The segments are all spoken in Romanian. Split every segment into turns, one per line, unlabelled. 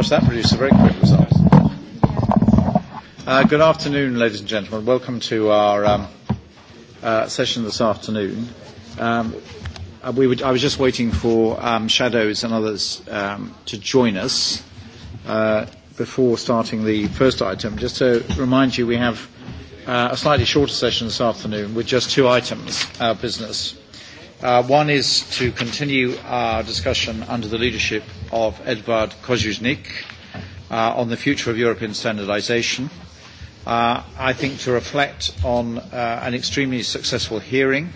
Gosh, that produced a very quick result. Uh, good afternoon, ladies and gentlemen. Welcome to our um, uh, session this afternoon. Um, uh, we would, I was just waiting for um, shadows and others um, to join us uh, before starting the first item. Just to remind you, we have uh, a slightly shorter session this afternoon with just two items, our uh, business Uh, one is to continue our discussion under the leadership of Edvard Kozuznik uh, on the future of European standardisation. Uh, I think to reflect on uh, an extremely successful hearing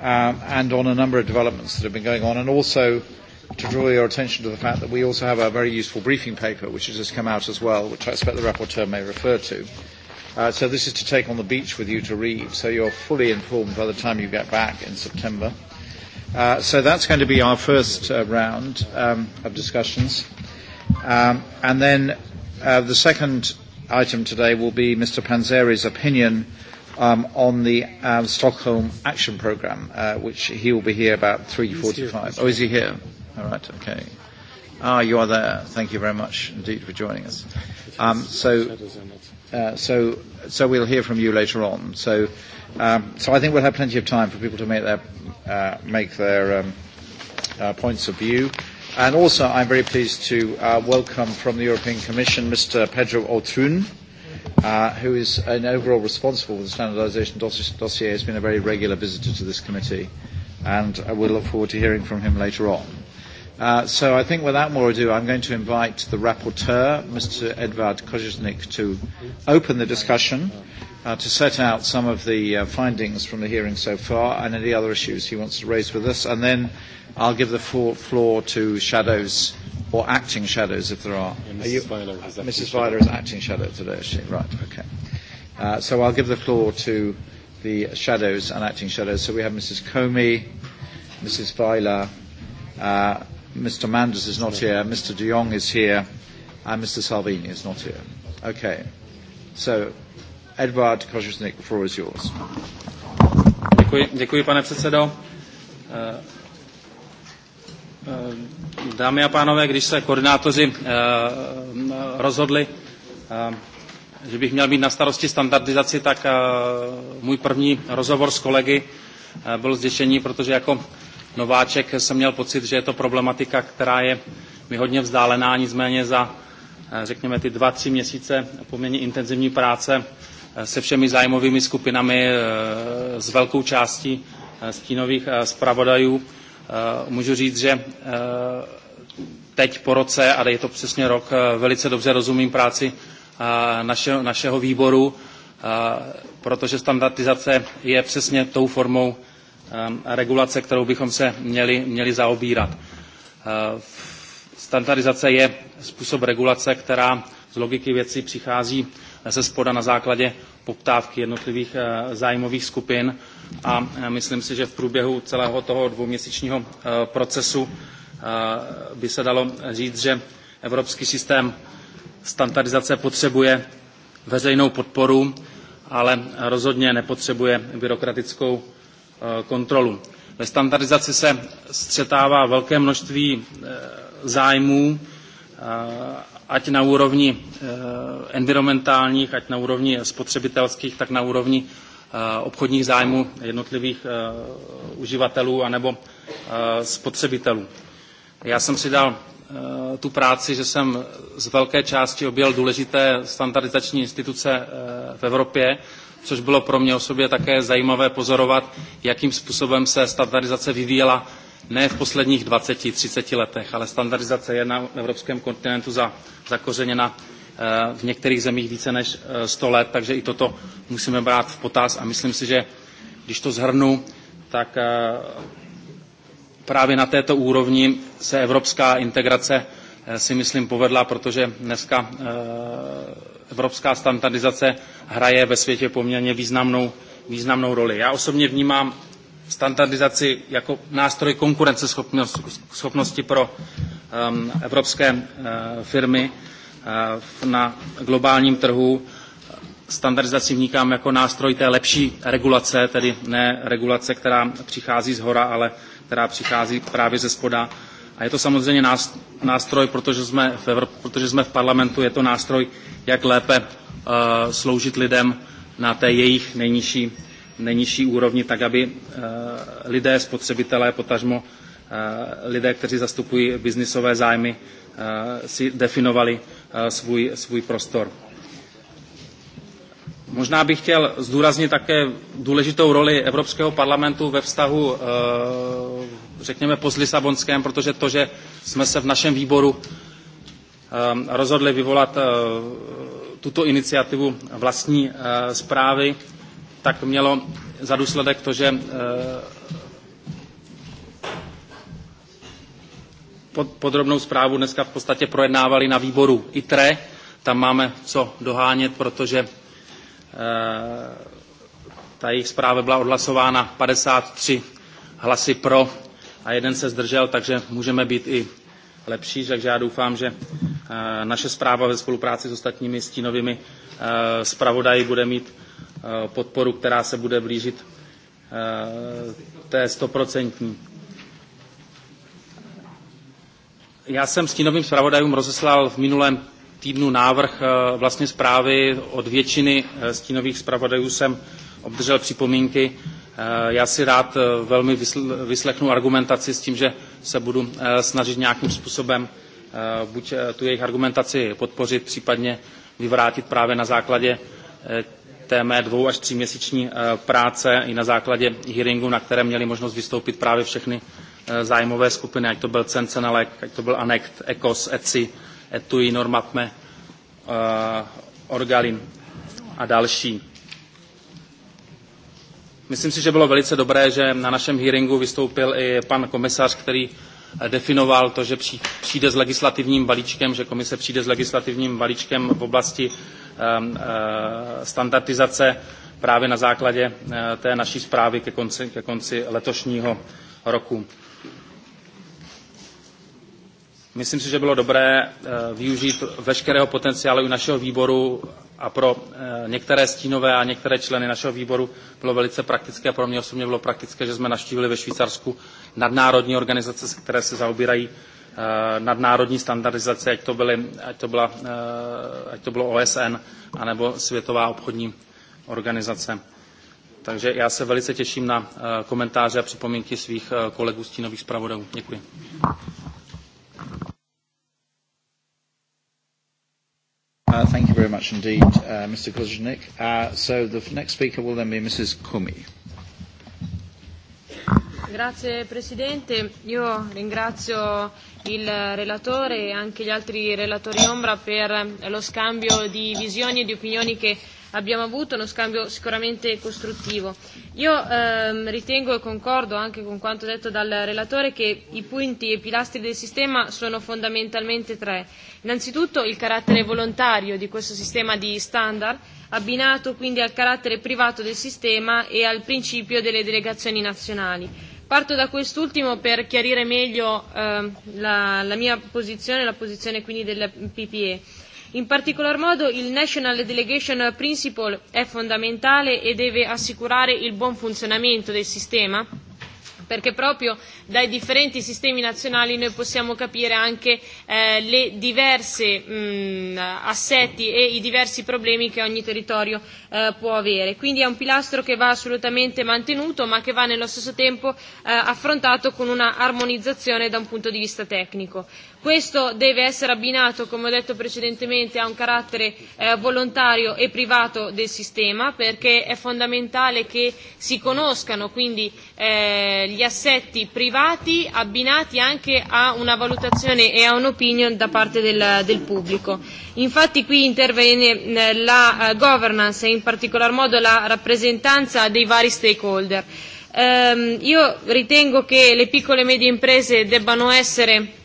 um, and on a number of developments that have been going on, and also to draw your attention to the fact that we also have a very useful briefing paper which has just come out as well, which I expect the rapporteur may refer to Uh, so this is to take on the beach with you to read, so you're fully informed by the time you get back in September. Uh, so that's going to be our first uh, round um, of discussions. Um, and then uh, the second item today will be Mr. Panzeri's opinion um, on the uh, Stockholm Action Programme, uh, which he will be here about 3.45. Oh, is he here? All right, okay. Ah, you are there. Thank you very much indeed for joining us. Um, so, uh, so so we'll hear from you later on. So, um, so I think we'll have plenty of time for people to make their, uh, make their um, uh, points of view. And also, I'm very pleased to uh, welcome from the European Commission Mr. Pedro Otrun, uh, who is an overall responsible for the standardisation dossier, dossier, has been a very regular visitor to this committee, and uh, we'll look forward to hearing from him later on. Uh, so I think without more ado, I'm going to invite the rapporteur, Mr. Edvard Kozicznik, to open the discussion, uh, to set out some of the uh, findings from the hearing so far and any other issues he wants to raise with us. And then I'll give the floor, floor to shadows or acting shadows if there are. Yeah, Mrs. Are you, Weiler is, uh, Mrs. Weiler is acting shadow today, is she? Right, okay. Uh, so I'll give the floor to the shadows and acting shadows. So we have Mrs. Comey, Mrs. Weiler, uh, Mr. Manders is not here, Mr. de Jong is here, and Mr. Salvini is not here. Okay. So, Edward Kožusnik, the floor is yours.
Děkuji, děkuji pane předsedo. Eh, eh, dámy a pánové, když se koordinátoři eh, rozhodli, že bych měl být na starosti standardizaci, tak můj první rozhovor s kolegy byl zděšení, protože jako nováček, jsem měl pocit, že je to problematika, která je mi hodně vzdálená, nicméně za, eh, řekněme, ty dva, tři měsíce poměrně intenzivní práce eh, se všemi zájmovými skupinami eh, s velkou částí stínových zpravodajů. Můžu říct, že teď po roce, a je to přesně rok, velice dobře rozumím práci našeho, našeho výboru, protože standardizace je přesně tou formou Ehm, regulace, kterou bychom se měli, měli zaobírat. Ehm, standardizace je způsob regulace, která z logiky věcí přichází eh, ze spoda na základě poptávky jednotlivých eh, zájmových skupin a eh, myslím si, že v průběhu celého toho dvouměsíčního procesu by se dalo říct, že evropský systém standardizace potřebuje veřejnou podporu, ale rozhodně nepotřebuje byrokratickou Eh, kontrolu. Ve standardizaci se střetává velké množství eh, zájmů, eh, ať na úrovni environmentálních, ať na úrovni spotřebitelských, tak na úrovni obchodních zájmů jednotlivých uživatelů anebo spotřebitelů. Já jsem si dal tu práci, že jsem z velké části objel důležité standardizační instituce v Evropě což bylo pro mě osobně také zajímavé pozorovat, jakým způsobem se standardizace vyvíjela ne v posledních 20-30 letech, ale standardizace je na evropském kontinentu za, zakořeněna eh, v některých zemích více než 100 eh, let, takže i toto musíme brát v potaz a myslím si, že když to zhrnu, tak eh, právě na této úrovni se evropská integrace si myslím povedla, protože dneska evropská standardizace hraje ve světě poměrně významnou, významnou roli. Já osobně vnímám standardizaci jako nástroj konkurenceschopnosti pro um, evropské uh, firmy uh, na globálním trhu. Standardizaci vnímám jako nástroj té lepší regulace, tedy ne regulace, která přichází z hora, ale která přichází právě ze spoda a je to samozřejmě nástroj, protože jsme v, Evrop, protože jsme v parlamentu, je to nástroj, jak lépe uh, sloužit lidem na té jejich nejnižší, nejnižší úrovni, tak aby uh, lidé, spotřebitelé, potažmo uh, lidé, kteří zastupují biznisové zájmy, si definovali svůj, svůj prostor. Možná bych chtěl zdůraznit také důležitou roli Evropského parlamentu ve vztahu, eh, řekněme, post protože to, že jsme se v našem výboru eh, rozhodli vyvolat eh, tuto iniciativu vlastní zprávy, tak mělo za důsledek to, že podrobnou zprávu dneska v podstatě projednávali na výboru ITRE. Tam máme co dohánět, protože Eh, ta jejich zpráva byla odhlasována 53 hlasy pro a jeden se zdržel, takže můžeme být i lepší, takže já doufám, že eh, naše zpráva ve spolupráci s ostatními stínovými eh, zpravodaji bude mít podporu, která se bude blížit té stoprocentní. Já jsem stínovým zpravodajům rozeslal v minulém týdnu návrh eh, vlastně zprávy od většiny eh, stínových zpravodajů jsem obdržel připomínky. Eh, já si rád velmi vyslechnu argumentaci s tím, že se budu snažit nějakým způsobem buď tu jejich argumentaci podpořit, případně vyvrátit právě na základě té mé dvou až tři měsíční práce i na základě hearingu, na které měli možnost vystoupit právě všechny zájmové skupiny, ať to byl Cencenelec, ať to byl Anekt, ECOS, ECI, ETUI, Normapme, uh, Orgalin a další. Myslím si, že bylo velice dobré, že na našem hearingu vystoupil i pan komisař, který eh, definoval to, že přijde s legislativním balíčkem, že komise přijde s legislativním balíčkem v oblasti ehm, eh, standardizace právě na základě eh, té naší zprávy ke konci, ke konci letošního roku. Myslím si, že bylo dobré eh, využít veškerého potenciálu i našeho výboru a pro eh, některé stínové a některé členy našeho výboru bylo velice praktické a pro mě osobně bylo praktické, že jsme naštívili ve Švýcarsku nadnárodní organizace, které se zaobírají eh, nadnárodní standardizace, ať to, byly, ať to, byla, ať to bylo OSN anebo Světová obchodní organizace. Takže já se velice těším na komentáře a připomínky svých kolegů stínových zpravodajů. Děkuji.
Uh, thank you very much indeed, uh, Mr. Kozhnik. Uh, so the next speaker will then be Mrs. Kumi.
Grazie Presidente, io ringrazio il relatore e anche gli altri relatori ombra per lo scambio di visioni e di opinioni che abbiamo avuto, uno scambio sicuramente costruttivo. Io ehm, ritengo e concordo anche con quanto detto dal relatore che i punti e i pilastri del sistema sono fondamentalmente tre. Innanzitutto il carattere volontario di questo sistema di standard, abbinato quindi al carattere privato del sistema e al principio delle delegazioni nazionali. Parto da quest'ultimo per chiarire meglio eh, la, la mia posizione e la posizione quindi del PPE. In particolar modo il National Delegation Principle è fondamentale e deve assicurare il buon funzionamento del sistema perché proprio dai differenti sistemi nazionali noi possiamo capire anche eh, le diverse mh, assetti e i diversi problemi che ogni territorio eh, può avere. Quindi è un pilastro che va assolutamente mantenuto ma che va nello stesso tempo eh, affrontato con una armonizzazione da un punto di vista tecnico. Questo deve essere abbinato, come ho detto precedentemente, a un carattere eh, volontario e privato del sistema perché è fondamentale che si conoscano quindi eh, gli assetti privati abbinati anche a una valutazione e a un'opinion da parte del, del pubblico. Infatti qui interviene eh, la uh, governance e in particolar modo la rappresentanza dei vari stakeholder. Um, io ritengo che le piccole e medie imprese debbano essere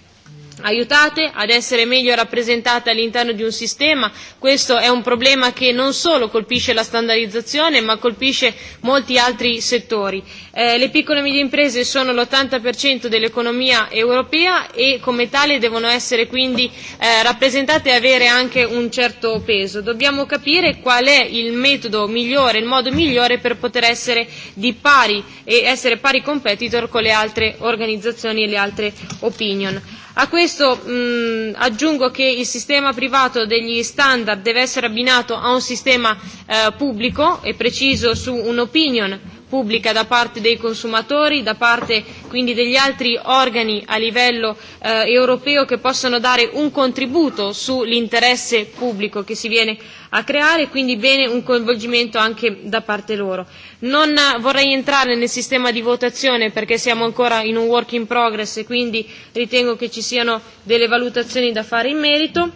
aiutate ad essere meglio rappresentate all'interno di un sistema. Questo è un problema che non solo colpisce la standardizzazione ma colpisce molti altri settori. Eh, le piccole e medie imprese sono l'80% dell'economia europea e come tale devono essere quindi eh, rappresentate e avere anche un certo peso. Dobbiamo capire qual è il metodo migliore, il modo migliore per poter essere di pari e essere pari competitor con le altre organizzazioni e le altre opinion. A questo mh, mm, aggiungo che il sistema privato degli standard deve essere abbinato a un sistema eh, pubblico e preciso su un'opinion pubblica da parte dei consumatori, da parte quindi degli altri organi a livello eh, europeo che possano dare un contributo sull'interesse pubblico che si viene a creare, quindi bene un coinvolgimento anche da parte loro. Non eh, vorrei entrare nel sistema di votazione perché siamo ancora in un work in progress e quindi ritengo che ci siano delle valutazioni da fare in merito.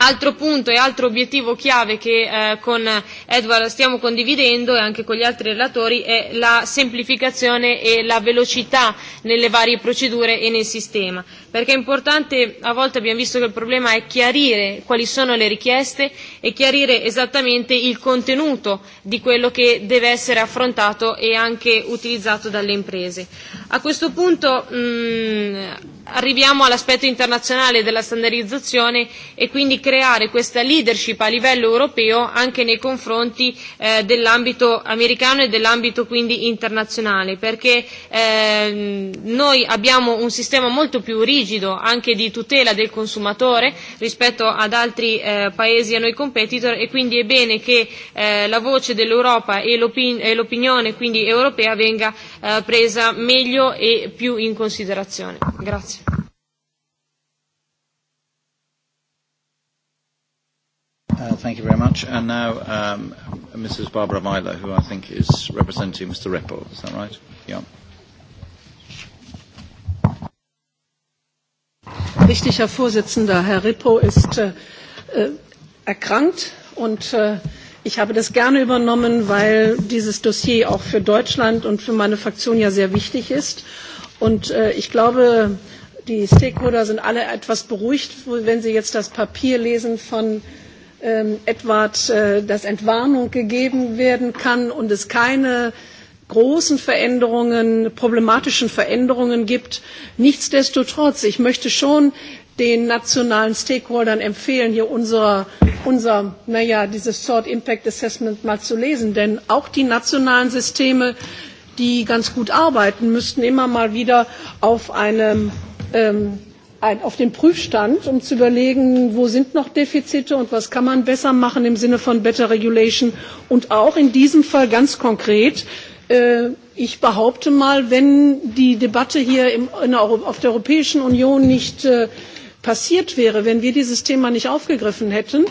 Altro punto e altro obiettivo chiave che eh, con Edward stiamo condividendo e anche con gli altri relatori è la semplificazione e la velocità nelle varie procedure e nel sistema. Perché è importante, a volte abbiamo visto che il problema è chiarire quali sono le richieste e chiarire esattamente il contenuto di quello che deve essere affrontato e anche utilizzato dalle imprese. A questo punto mh, mm, arriviamo all'aspetto internazionale della standardizzazione e quindi creare questa leadership a livello europeo anche nei confronti confronti eh, dell'ambito americano e dell'ambito quindi internazionale, perché eh, noi abbiamo un sistema molto più rigido anche di tutela del consumatore rispetto ad altri eh, paesi a noi competitor e quindi è bene che eh, la voce dell'Europa e, l'opin- e l'opinione quindi europea venga eh, presa meglio e più in considerazione. Grazie.
Uh, thank you very much. And now um, Mrs. Barbara Myler, who I think is representing Mr. Ripple. Is that right? Yeah.
Richtig, Herr Vorsitzender. Herr Rippo ist äh, äh, erkrankt und äh, ich habe das gerne übernommen, weil dieses Dossier auch für Deutschland und für meine Fraktion ja sehr wichtig ist. Und äh, ich glaube, die Stakeholder sind alle etwas beruhigt, wenn sie jetzt das Papier lesen von äh, ähm, etwa, äh, dass Entwarnung gegeben werden kann und es keine großen Veränderungen, problematischen Veränderungen gibt. Nichtsdestotrotz, ich möchte schon den nationalen Stakeholdern empfehlen, hier unser, unser naja, dieses Sort Impact Assessment mal zu lesen. Denn auch die nationalen Systeme, die ganz gut arbeiten, müssten immer mal wieder auf einem ähm, ein, auf den Prüfstand, um zu überlegen, wo sind noch Defizite und was kann man besser machen im Sinne von Better Regulation und auch in diesem Fall ganz konkret äh, ich behaupte mal, wenn die Debatte hier im, in der, auf der Europäischen Union nicht äh, passiert wäre, wenn wir dieses Thema nicht aufgegriffen hätten,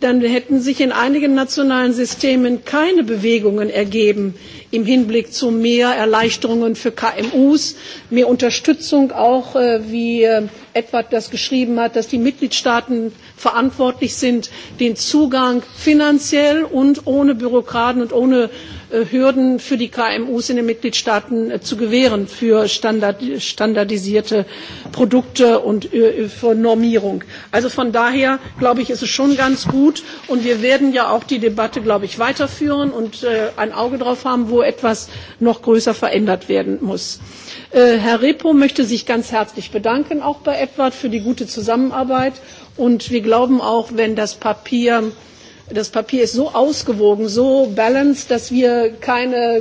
dann hätten sich in einigen nationalen Systemen keine Bewegungen ergeben, im Hinblick zu mehr Erleichterungen für KMUs, mehr Unterstützung auch, äh, wie äh, Edward das geschrieben hat, dass die Mitgliedstaaten verantwortlich sind, den Zugang finanziell und ohne Bürokraten und ohne äh, Hürden für die KMUs in den Mitgliedstaaten zu gewähren für Standard, standardisierte Produkte und für Normierung. Also von daher glaube ich, ist es schon ganz gut und wir werden ja auch die Debatte, glaube ich, weiterführen und ein Auge drauf haben, wo wo etwas noch größer verändert werden muss. Äh, Herr Repo möchte sich ganz herzlich bedanken, auch bei Edward, für die gute Zusammenarbeit. Und wir glauben auch, wenn das Papier das Papier ist so ausgewogen, so balanced, dass wir keine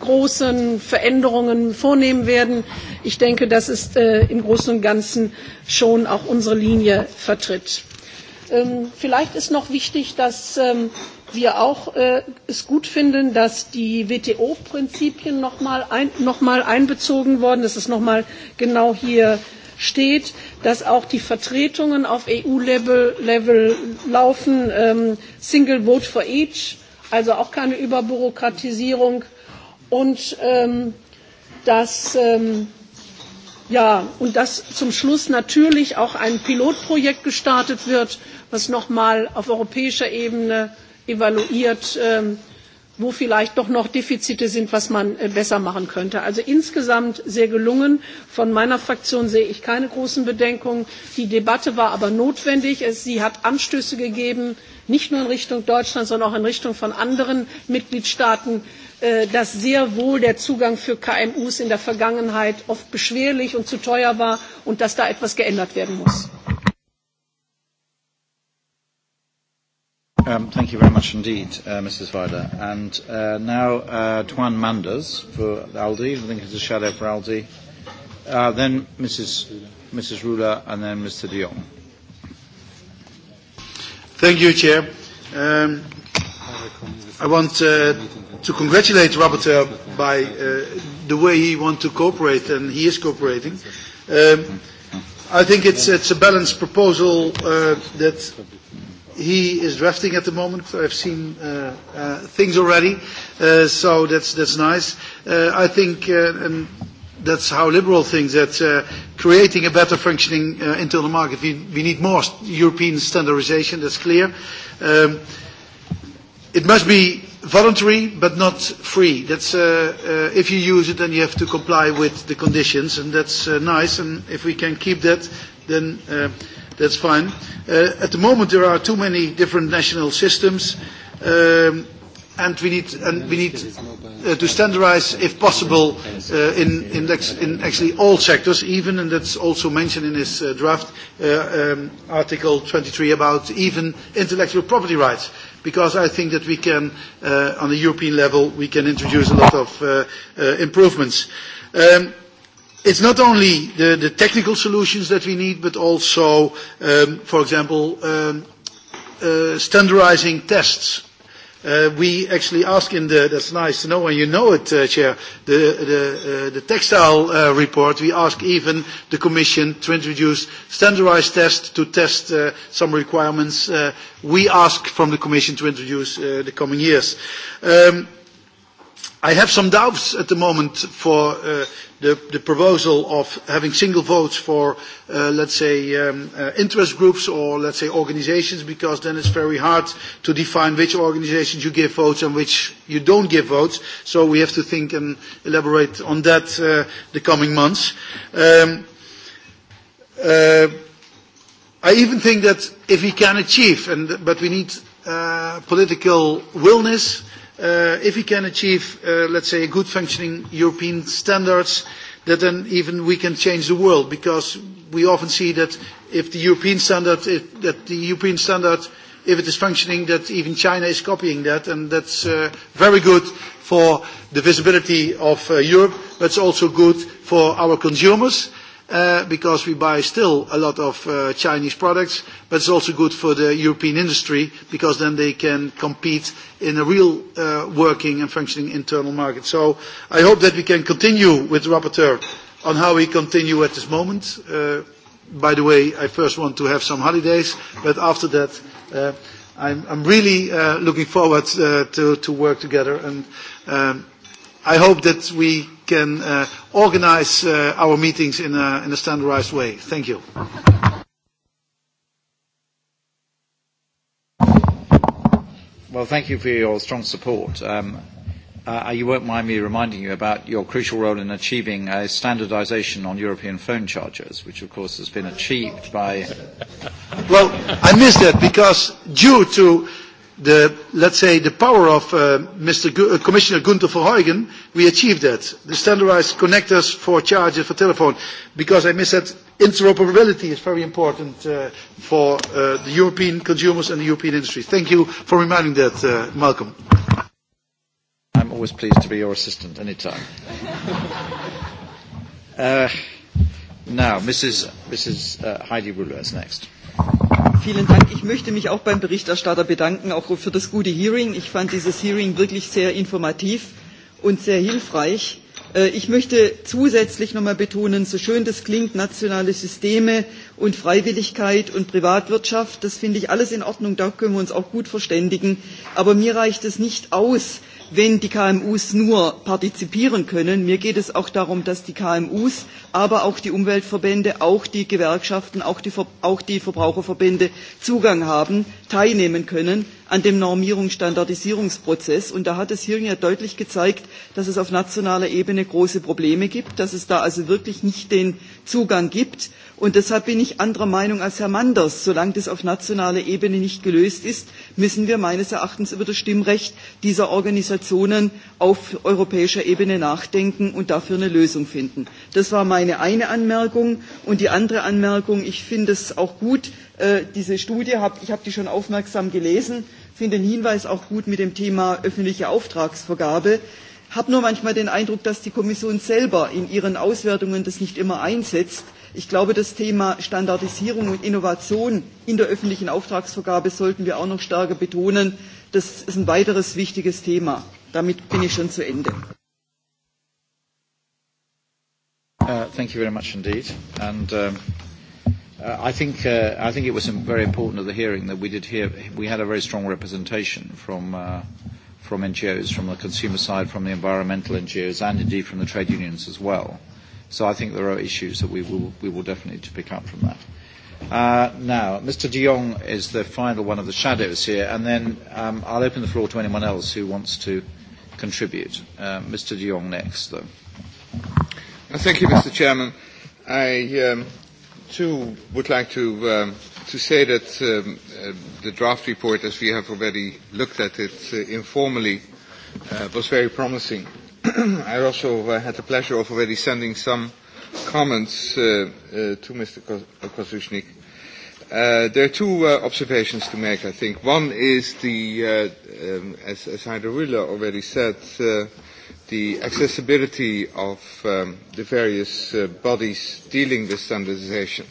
großen Veränderungen vornehmen werden. Ich denke, das ist äh, im Großen und Ganzen schon auch unsere Linie vertritt. Ähm, vielleicht ist noch wichtig, dass ähm, wir auch äh, es gut finden, dass die WTO-Prinzipien nochmal ein, noch mal einbezogen wurden, dass es nochmal genau hier steht, dass auch die Vertretungen auf EU-Level Level laufen, ähm, Single Vote for Each, also auch keine Überbürokratisierung und ähm, dass ähm, ja, und dass zum Schluss natürlich auch ein Pilotprojekt gestartet wird, was nochmal auf europäischer Ebene evaluiert, ähm, wo vielleicht doch noch Defizite sind, was man äh, besser machen könnte. Also insgesamt sehr gelungen. Von meiner Fraktion sehe ich keine großen Bedenken. Die Debatte war aber notwendig. Sie hat Anstöße gegeben, nicht nur in Richtung Deutschland, sondern auch in Richtung von anderen Mitgliedstaaten, äh, dass sehr wohl der Zugang für KMUs in der Vergangenheit oft beschwerlich und zu teuer war und dass da etwas geändert werden muss.
Um, thank you very much indeed, uh, Mrs. Weider. And uh, now, uh, Tuan Manders for Aldi. I think it's a shadow for Aldi. Uh, then Mrs. Mrs. Ruler, and then Mr. Dion.
Thank you, Chair. Um, I want uh, to congratulate Rapporteur by uh, the way he wants to cooperate, and he is cooperating. Um, I think it's, it's a balanced proposal uh, that he is drafting at the moment. I've seen uh, uh, things already, uh, so that's that's nice. Uh, I think, uh, and that's how liberal thinks that uh, creating a better functioning uh, internal market, we, we need more European standardisation. That's clear. Um, it must be voluntary but not free. That's, uh, uh, if you use it, then you have to comply with the conditions, and that's uh, nice. And if we can keep that, then uh, that's fine. Uh, at the moment, there are too many different national systems, um, and we need and we need uh, to standardise, if possible, uh, in in, ex, in actually all sectors, even and that's also mentioned in this uh, draft uh, um, article 23 about even intellectual property rights because I think that we can, uh, on a European level, we can introduce a lot of uh, uh, improvements. Um, it's not only the, the technical solutions that we need, but also, um, for example, um, uh, standardizing tests. Uh, we actually ask in the, that's nice to know, and you know it, uh, Chair, the, the, uh, the textile uh, report, we ask even the Commission to introduce standardized tests to test uh, some requirements uh, we ask from the Commission to introduce uh, the coming years. Um, I have some doubts at the moment for uh, the, the proposal of having single votes for, uh, let's say, um, uh, interest groups or, let's say, organizations, because then it's very hard to define which organizations you give votes and which you don't give votes. So we have to think and elaborate on that uh, the coming months. Um, uh, I even think that if we can achieve, and, but we need uh, political willness, uh, if we can achieve, uh, let's say, good functioning European standards, that then even we can change the world, because we often see that if the European standard, if, that the European standard, if it is functioning, that even China is copying that, and that's uh, very good for the visibility of uh, Europe, but it's also good for our consumers Uh, because we buy still a lot of uh, Chinese products, but it's also good for the European industry because then they can compete in a real uh, working and functioning internal market. So I hope that we can continue with the rapporteur on how we continue at this moment. Uh, by the way, I first want to have some holidays, but after that, uh, I'm, I'm, really uh, looking forward to, to, work together. And um, I hope that we can uh, organize uh, our meetings in a, in a standardized way. Thank you.
Well, thank you for your strong support. Um, uh, you won't mind me reminding you about your crucial role in achieving a standardization on European phone chargers, which of course has been achieved by...
well, I missed that because due to the, let's say, the power of uh, Mr. uh, Commissioner Gunther Verheugen, we achieved that. The standardized connectors for chargers for telephone, because I said that interoperability is very important uh, for uh, the European consumers and the European industry. Thank you for reminding that, uh, Malcolm.
I'm always pleased to be your assistant anytime. uh, now, Mrs. Mrs. Uh, Heidi Ruler is next.
Vielen Dank. Ich möchte mich auch beim Berichterstatter bedanken, auch für das gute Hearing. Ich fand dieses Hearing wirklich sehr informativ und sehr hilfreich. Äh, ich möchte zusätzlich noch einmal betonen, so schön das klingt, nationale Systeme und Freiwilligkeit und Privatwirtschaft, das finde ich alles in Ordnung, da können wir uns auch gut verständigen. Aber mir reicht es nicht aus, wenn die KMU nur partizipieren können. Mir geht es auch darum, dass die KMU, aber auch die Umweltverbände, auch die Gewerkschaften, auch die, auch die Verbraucherverbände Zugang haben, teilnehmen können an dem Normierungs- Standardisierungsprozess. Und da hat das Hearing ja deutlich gezeigt, dass es auf nationaler Ebene große Probleme gibt, dass es da also wirklich nicht den Zugang gibt. Und deshalb bin ich anderer Meinung als Herr Manders. Solange das auf nationaler Ebene nicht gelöst ist, müssen wir meines Erachtens über das Stimmrecht dieser Organisationen auf europäischer Ebene nachdenken und dafür eine Lösung finden. Das war meine eine Anmerkung. Und die andere Anmerkung, ich finde es auch gut, äh, diese Studie, ich habe die schon aufmerksam gelesen, finde den Hinweis auch gut mit dem Thema öffentliche Auftragsvergabe. Ich habe nur manchmal den Eindruck, dass die Kommission selber in ihren Auswertungen das nicht immer einsetzt. Ich glaube, das Thema Standardisierung und Innovation in der öffentlichen Auftragsvergabe sollten wir auch noch stärker betonen. Das ist ein weiteres wichtiges Thema. Damit bin ich schon zu Ende.
Uh, thank you very much indeed. And, um, Uh, I think uh, I think it was very important at the hearing that we did hear we had a very strong representation from uh, from NGOs, from the consumer side, from the environmental NGOs, and indeed from the trade unions as well. So I think there are issues that we will we will definitely to pick up from that. Uh, now, Mr. De Jong is the final one of the shadows here, and then um, I'll open the floor to anyone else who wants to contribute. Uh, Mr. De Jong next, though.
Thank you, Mr. Chairman. I. Um, too would like to, um, to say that um, uh, the draft report, as we have already looked at it uh, informally, uh, was very promising. I also uh, had the pleasure of already sending some comments uh, uh, to Mr. Uh, Kozushnik. Uh, there are two uh, observations to make, I think. One is the, uh, um, as, as Heider Rüller already said, uh, the accessibility of um, the various uh, bodies dealing with standardization.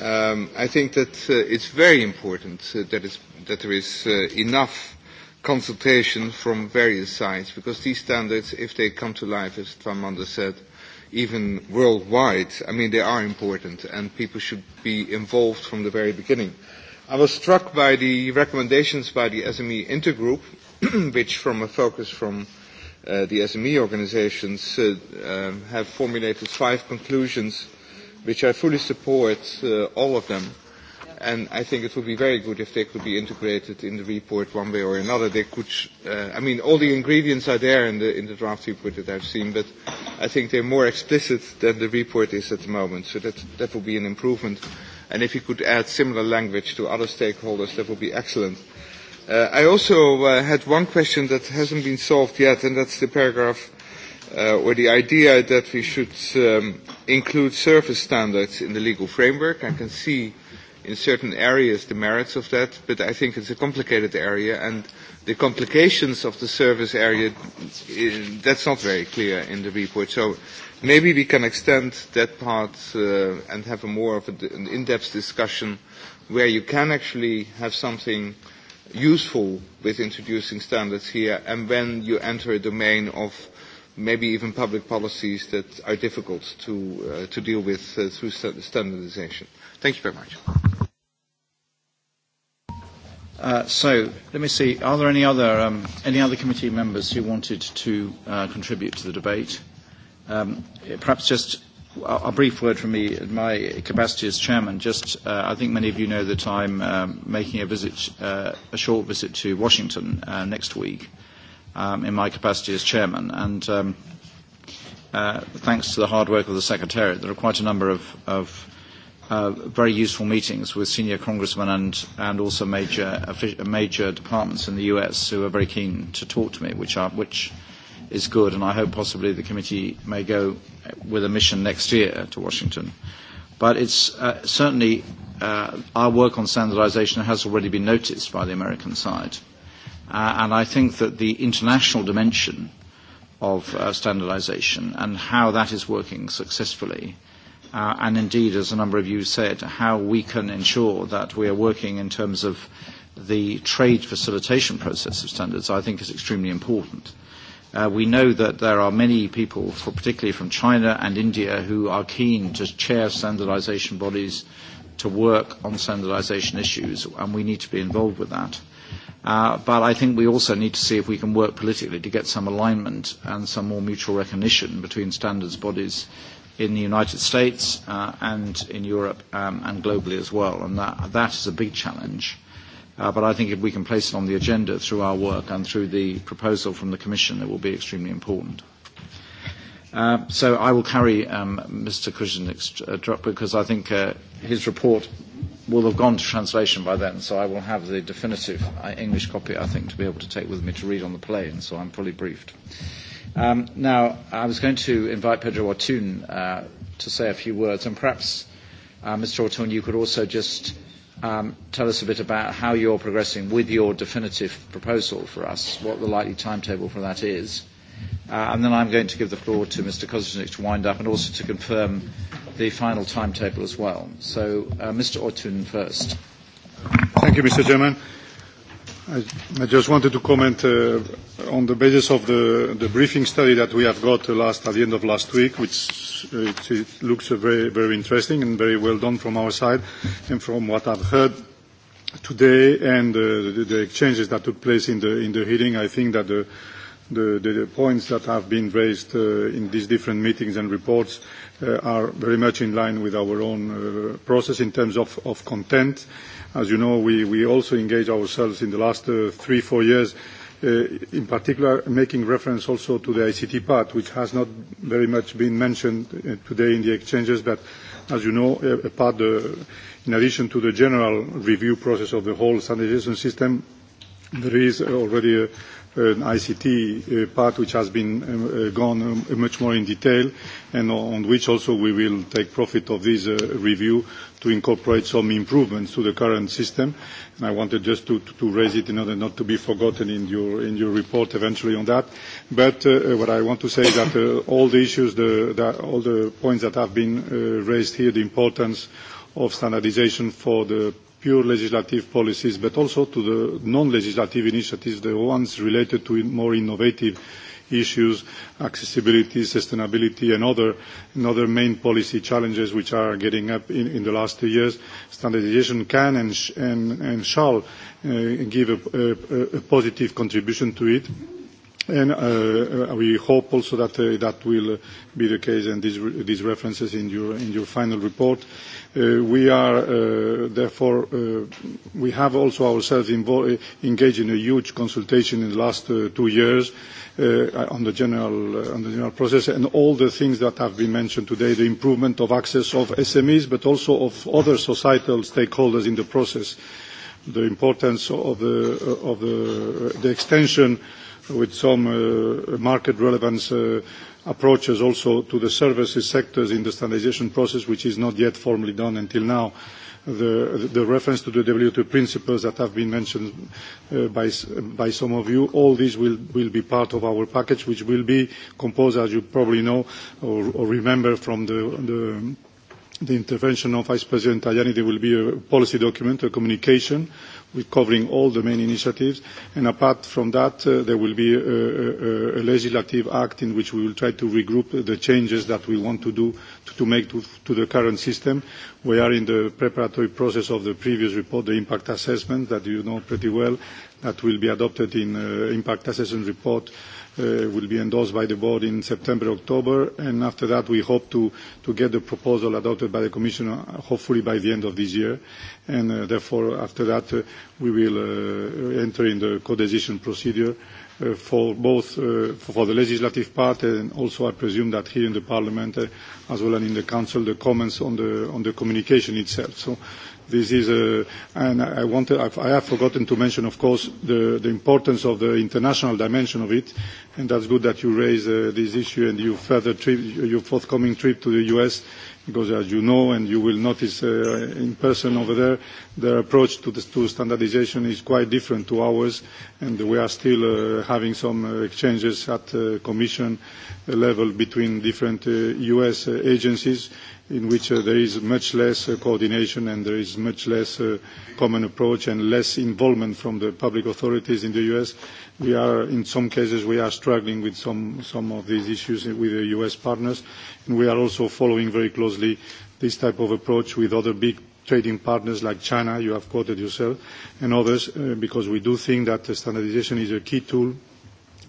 Um, I think that uh, it's very important uh, that, it's, that there is uh, enough consultation from various sides because these standards, if they come to life, as Twamanda said, even worldwide, I mean, they are important and people should be involved from the very beginning. I was struck by the recommendations by the SME Intergroup, which from a focus from Uh, the SME organizations uh, um, have formulated five conclusions which I fully support, uh, all of them. And I think it would be very good if they could be integrated in the report one way or another. They could, uh, I mean, all the ingredients are there in the, in the draft report that I've seen, but I think they're more explicit than the report is at the moment. So that, that would be an improvement. And if you could add similar language to other stakeholders, that would be excellent. Uh, Uh, I also uh, had one question that hasn't been solved yet, and that's the paragraph uh, or the idea that we should um, include service standards in the legal framework. I can see in certain areas the merits of that, but I think it's a complicated area, and the complications of the service area, uh, that's not very clear in the report. So maybe we can extend that part uh, and have a more of a, an in-depth discussion where you can actually have something – useful with introducing standards here and when you enter a domain of maybe even public policies that are difficult to, uh, to deal with uh,
through standardization. Thank you very much. Uh, so let me see. Are there any other um, any other committee members who wanted to uh, contribute to the debate? Um, perhaps just a brief word from me in my capacity as chairman. Just, uh, I think many of you know that I'm um, making a visit, uh, a short visit to Washington uh, next week um, in my capacity as chairman. And um, uh, thanks to the hard work of the Secretariat, there are quite a number of, of uh, very useful meetings with senior congressmen and, and also major, major departments in the US who are very keen to talk to me, which, are, which – is good, and I hope possibly the committee may go with a mission next year to Washington. But it's uh, certainly uh, our work on standardisation has already been noticed by the American side. Uh, and I think that the international dimension of uh, standardisation and how that is working successfully, uh, and indeed, as a number of you said, how we can ensure that we are working in terms of the trade facilitation process of standards, I think is extremely important. Uh, we know that there are many people, for, particularly from China and India, who are keen to chair standardisation bodies to work on standardisation issues, and we need to be involved with that. Uh, but I think we also need to see if we can work politically to get some alignment and some more mutual recognition between standards bodies in the United States uh, and in Europe um, and globally as well. And that, that is a big challenge. Uh, but I think if we can place it on the agenda through our work and through the proposal from the Commission, it will be extremely important. Uh, so I will carry um, Mr. Kuzinek's uh, drop because I think uh, his report will have gone to translation by then, so I will have the definitive uh, English copy, I think, to be able to take with me to read on the plane, so I'm fully briefed. Um, now, I was going to invite Pedro Ortun uh, to say a few words, and perhaps, uh, Mr. Ortun, you could also just um, tell us a bit about how you're progressing with your definitive proposal for us, what the likely timetable for that is. Uh, and then I'm going to give the floor to Mr. Koznick to wind up and also to confirm the final
timetable as well. So, uh, Mr. Ortun first. Thank you, Mr. Chairman. I, just wanted to comment uh, on the basis of the, the briefing study that we have got uh, last, at the end of last week, which uh, it, looks uh, very, very interesting and very well done from our side. And from what I've heard today and uh, the, the exchanges that took place in the, in the hearing, I think that the the, the, the points that have been raised uh, in these different meetings and reports uh, are very much in line with our own uh, process in terms of, of content. As you know, we, we also engage ourselves in the last uh, three, four years Uh, in particular making reference also to the ICT part, which has not very much been mentioned uh, today in the exchanges, but as you know, a part uh, in addition to the general review process of the whole standardization system, there is already a, an ICT eh, part which has been eh, eh, gone much more in detail and on which also we will take profit of this review to incorporate some improvements to the current system. And I wanted just to, to raise it in order not to be forgotten in your, in your report eventually on that. But uh, what I want to say is that uh, all the issues, the, the, all the points that have been uh, raised here, the importance of standardization for the pure legislative policies, but also to the non-legislative initiatives, the ones related to more innovative issues, accessibility, sustainability, and other, and other main policy challenges which are getting up in, in the last two years, standardization can and, sh and, and shall uh, give a, a, a positive contribution to it And uh, uh, we hope also that uh, that will be the case and these, re these references in your, in your final report. Uh, we are uh, therefore, uh, we have also ourselves engaged in a huge consultation in the last two years on the, general, on the general process and all the things that have been mentioned today, the improvement of access of SMEs, but also of other societal stakeholders in the process, the importance of the, of the, the extension with some uh, market relevance uh, approaches also to the services sectors in the standardization process, which is not yet formally done until now. The, the reference to the WTO principles that have been mentioned uh, by, by some of you, all these will, will be part of our package, which will be composed, as you probably know or, or remember from the, the, the intervention of Vice President Tajani, there will be a policy document, a communication, uh, covering all the main initiatives. And apart from that, uh, there will be a, a, a legislative act in which we will try to regroup the changes that we want to do to, to make to, to the current system. We are in the preparatory process of the previous report, the impact assessment that you know pretty well, that will be adopted in uh, impact assessment report uh, will be endorsed by the board in September, October, and after that we hope to, to get the proposal adopted by the Commission uh, hopefully by the end of this year, and uh, therefore after that uh, we will uh, enter in the co-decision procedure uh, for both uh, for the legislative part and also I presume that here in the Parliament uh, as well as in the Council the comments on the, on the communication itself. So This is, a uh, and I, wanted, I have forgotten to mention, of course, the, the importance of the international dimension of it, and that's good that you raise uh, this issue and you further trip, your forthcoming trip to the U.S., because as you know, and you will notice uh, in person over there, their approach to, the, to standardization is quite different to ours, and we are still uh, having some uh, exchanges at uh, commission level between different uh, U.S. Uh, agencies, in which uh, there is much less uh, coordination and there is much less uh, common approach and less involvement from the public authorities in the US. We are, in some cases, we are struggling with some, some of these issues with the US partners. And we are also following very closely this type of approach with other big trading partners like China, you have quoted yourself, and others, uh, because we do think that standardization is a key tool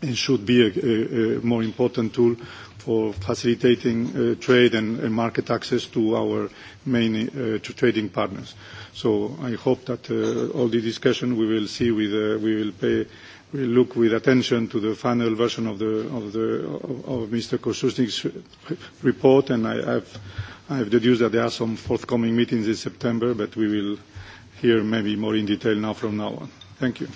and should be a, a, a more important tool for facilitating uh, trade and, and market access to our main uh, to trading partners. So I hope that uh, all the discussion we will see with, uh, we will pay we will look with attention to the final version of the of the of, of Mr. Kosusnik's report, and I, have I have deduced that there are some forthcoming meetings in September, but we will hear maybe more in detail now from now on. Thank you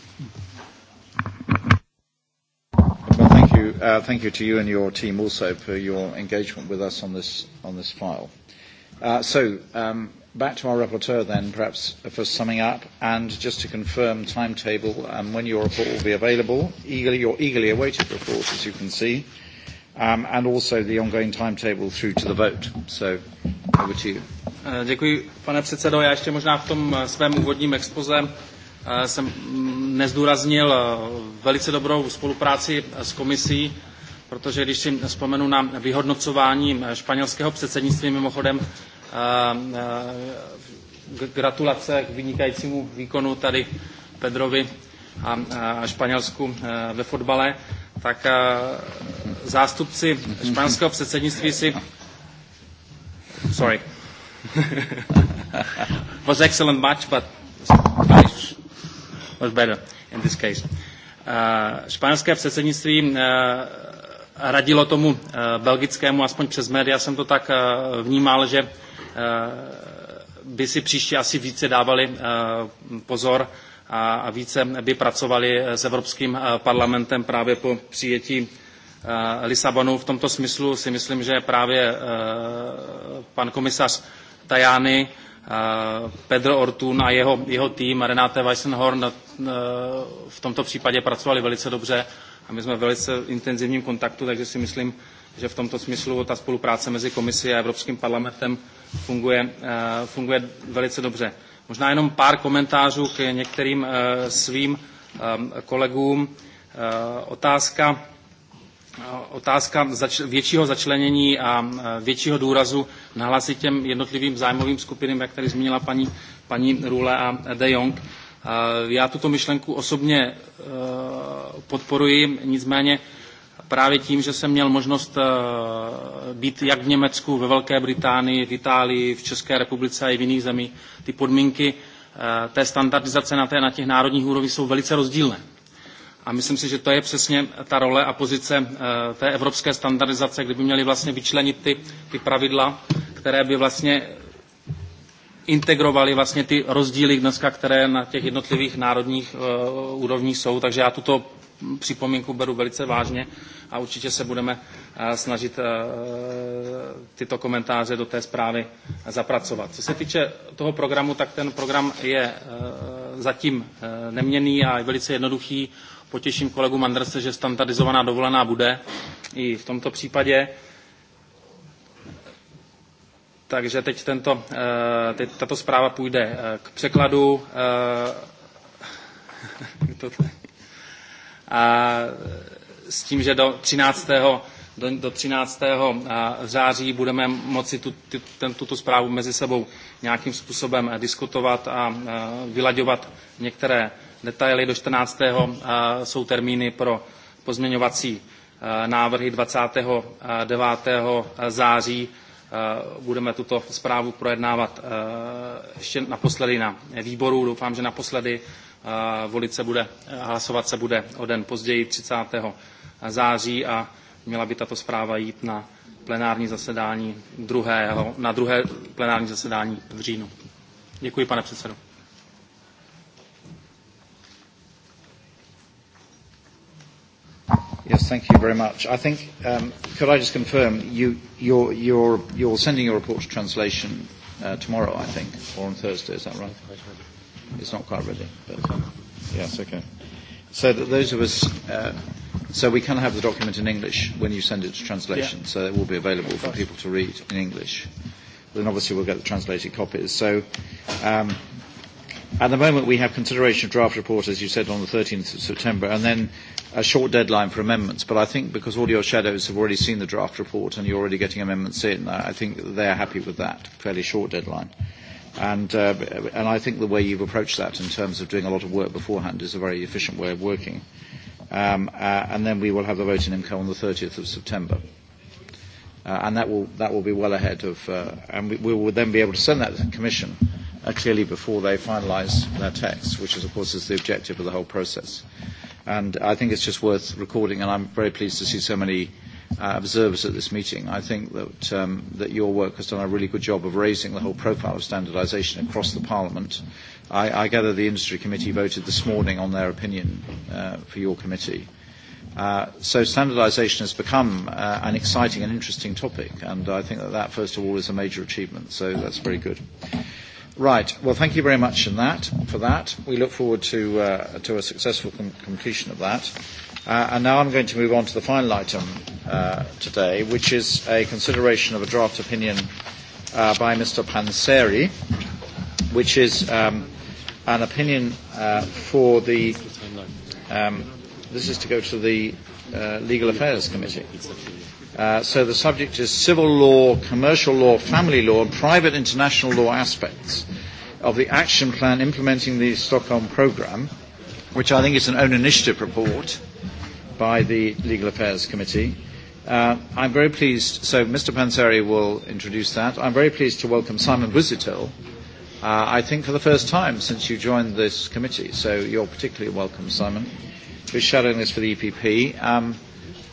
you, uh, thank you to
you and your team also for your engagement with us on this, on this file. Uh, so, um, back to our rapporteur then, perhaps for summing up, and just to confirm timetable and um, when your report will be available, eagerly, your eagerly awaited report, as you can see, um, and also the ongoing timetable through to the vote. So, over to you.
Uh, děkuji, pane předsedo. Já ještě možná v tom uh, svém úvodním expoze Eh, jsem nezdůraznil eh, velice dobrou spolupráci eh, s komisí, protože když si vzpomenu na vyhodnocování španělského předsednictví, mimochodem gratulace k vynikajícímu výkonu tady Pedrovi a Španělsku ve fotbale, tak zástupci španělského předsednictví si sorry. was excellent match, but Spanish was better in this case. Eh, španělské předsednictví eh, radilo tomu eh, belgickému, aspoň přes média jsem to tak vnímal, že by si příště asi více dávali pozor a více by pracovali s Evropským parlamentem právě po přijetí Lisabonu. V tomto smyslu si myslím, že právě pan komisař Tajany, Pedro Ortun a jeho, jeho tým Renate Weissenhorn Eh, v tomto případě pracovali velice dobře a my jsme v velice intenzivním kontaktu, takže si myslím, že v tomto smyslu ta spolupráce mezi komisí a Evropským parlamentem funguje, eh, funguje velice dobře. Možná jenom pár komentářů k některým eh, svým kolegům. Otázka, otázka zač, většího začlenění a většího důrazu na hlasy těm jednotlivým zájmovým skupinám, jak tady zmínila paní, paní Rule a De Jong. Eh, já tuto myšlenku osobně eh, podporuji, nicméně právě tím, že jsem měl možnost eh, být jak v Německu, ve Velké Británii, v Itálii, v České republice a i v jiných zemích, ty podmínky té standardizace na, té, na těch národních úrovních jsou velice rozdílné. A myslím si, že to je přesně ta role a pozice té evropské standardizace, kdyby měli vlastně vyčlenit ty, ty pravidla, které by vlastně integrovali vlastně ty rozdíly dneska, které na těch jednotlivých národních uh, úrovních jsou. Takže já tuto připomínku beru velice vážně a určitě se budeme uh, snažit uh, tyto komentáře do té zprávy zapracovat. Co se týče toho programu, tak ten program je zatím neměný a je velice jednoduchý. Potěším kolegu Mandrse, že standardizovaná dovolená bude i v tomto případě. Takže teď, tento, eh, teď tato zpráva půjde eh, k překladu. Eh, a s tím, že do 13. Do, do 13. září budeme moci tu, tu, ten, tuto zprávu mezi sebou nějakým způsobem diskutovat a vylaďovat některé detaily. Do 14. jsou termíny pro pozměňovací návrhy 29. září Eh, budeme tuto zprávu projednávat eh, ještě naposledy na výboru. Doufám, že naposledy eh, volit se bude, hlasovat se bude o den později 30. září a měla by tato zpráva jít na plenární zasedání druhého, na druhé plenární zasedání v říjnu. Děkuji, pane předsedo. Yes, thank you very much. I think,
um, could I just confirm, you, you're, you're, you're sending your report to translation uh, tomorrow, I think, or on Thursday, is that right? It's not quite ready, but yes, okay. So that those of us, uh, so we can have the document in English when you send it to translation, yeah. so it will be available for people to read in English. Then obviously we'll get the translated copies. So um, At the moment, we have consideration of draft report, as you said, on the 13th of September, and then a short deadline for amendments. But I think because all your shadows have already seen the draft report and you're already getting amendments in, I think they're happy with that fairly short deadline. And, uh, and I think the way you've approached that in terms of doing a lot of work beforehand is a very efficient way of working. Um, uh, and then we will have the vote in IMCO on the 30th of September. Uh, and that will, that will be well ahead of, uh, and we, we will then be able to send that to the Commission uh, clearly before they finalise their text, which is, of course, is the objective of the whole process. And I think it's just worth recording, and I'm very pleased to see so many uh, observers at this meeting. I think that, um, that your work has done a really good job of raising the whole profile of standardisation across the Parliament. I, I gather the Industry Committee voted this morning on their opinion uh, for your committee. Uh, so standardisation has become uh, an exciting and interesting topic, and I think that that, first of all, is a major achievement, so that's very good. Right. Well, thank you very much in that, for that. We look forward to, uh, to a successful com- completion of that. Uh, and now I'm going to move on to the final item uh, today, which is a consideration of a draft opinion uh, by Mr. Panseri, which is um, an opinion uh, for the. Um, this is to go to the uh, Legal Affairs Committee. Uh, so the subject is civil law, commercial law, family law, and private international law aspects of the action plan implementing the Stockholm programme, which I think is an own initiative report by the Legal Affairs Committee. Uh, I'm very pleased, so Mr. Panseri will introduce that. I'm very pleased to welcome Simon Buzitil, uh, I think for the first time since you joined this committee, so you're particularly welcome, Simon, who's shadowing this for the EPP. Um,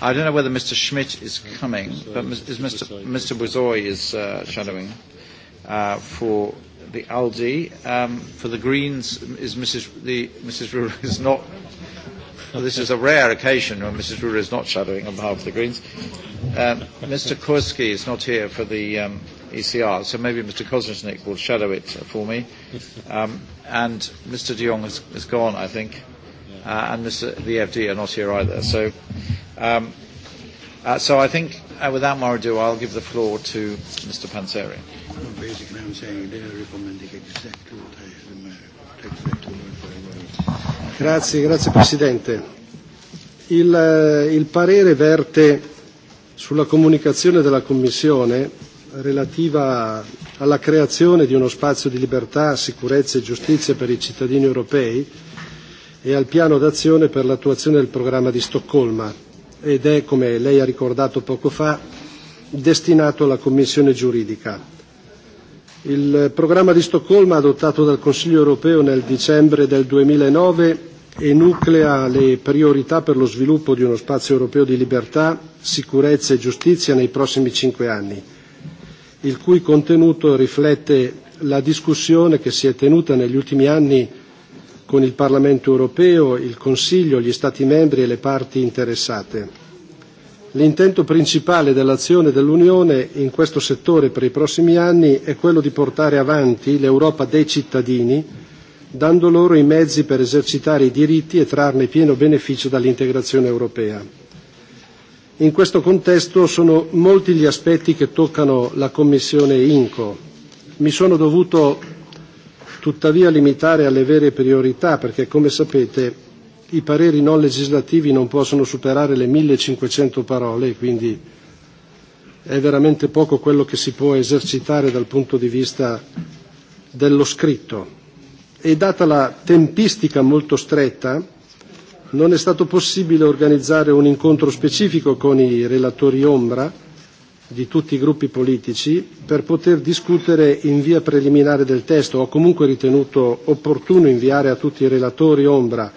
I don't know whether Mr. Schmidt is coming, but is Mr. Mr. Buzoy is uh, shadowing uh, for the ALDI. Um, for the Greens is Mrs. The, Mrs. Rura is not. Well, this is a rare occasion when Mrs. Rura is not shadowing on behalf of the Greens. Um, Mr. Kurski is not here for the um, ECR, so maybe Mr. Koznick will shadow it for me. Um, and Mr. De Jong has, has gone, I think uh, and Mr. the FD are not here either. So, um, uh, so I think uh, without more ado, I'll give the floor to Mr. Panseri.
Well, basically, I'm saying they are exactly what I
Grazie, grazie Presidente. Il, eh, il parere verte sulla comunicazione della Commissione relativa alla creazione di uno spazio di libertà, sicurezza e giustizia per i cittadini europei e al piano d'azione per l'attuazione del programma di Stoccolma ed è, come lei ha ricordato poco fa, destinato alla Commissione giuridica. Il programma di Stoccolma, adottato dal Consiglio europeo nel dicembre del 2009, enuclea le priorità per lo sviluppo di uno spazio europeo di libertà, sicurezza e giustizia nei prossimi cinque anni, il cui contenuto riflette la discussione che si è tenuta negli ultimi anni con il Parlamento europeo, il Consiglio, gli Stati membri e le parti interessate. L'intento principale dell'azione dell'Unione in questo settore per i prossimi anni è quello di portare avanti l'Europa dei cittadini, dando loro i mezzi per esercitare i diritti e trarne pieno beneficio dall'integrazione europea. In questo contesto sono molti gli aspetti che toccano la Commissione INCO. Mi sono dovuto tuttavia limitare alle vere priorità perché, come sapete, i pareri non legislativi non possono superare le 1500 parole, quindi è veramente poco quello che si può esercitare dal punto di vista dello scritto. E data la tempistica molto stretta, non è stato possibile organizzare un incontro specifico con i relatori ombra, di tutti i gruppi politici per poter discutere in via preliminare del testo. Ho comunque ritenuto opportuno inviare a tutti i relatori ombra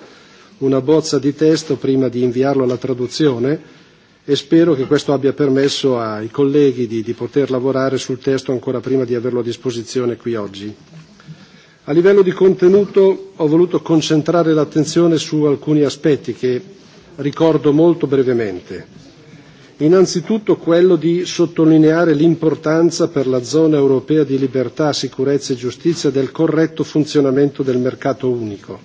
una bozza di testo prima di inviarlo alla traduzione e spero che questo abbia permesso ai colleghi di, di poter lavorare sul testo ancora prima di averlo a disposizione qui oggi. A livello di contenuto ho voluto concentrare l'attenzione su alcuni aspetti che ricordo molto brevemente. Innanzitutto quello di sottolineare l'importanza per la zona europea di libertà, sicurezza e giustizia del corretto funzionamento del mercato unico.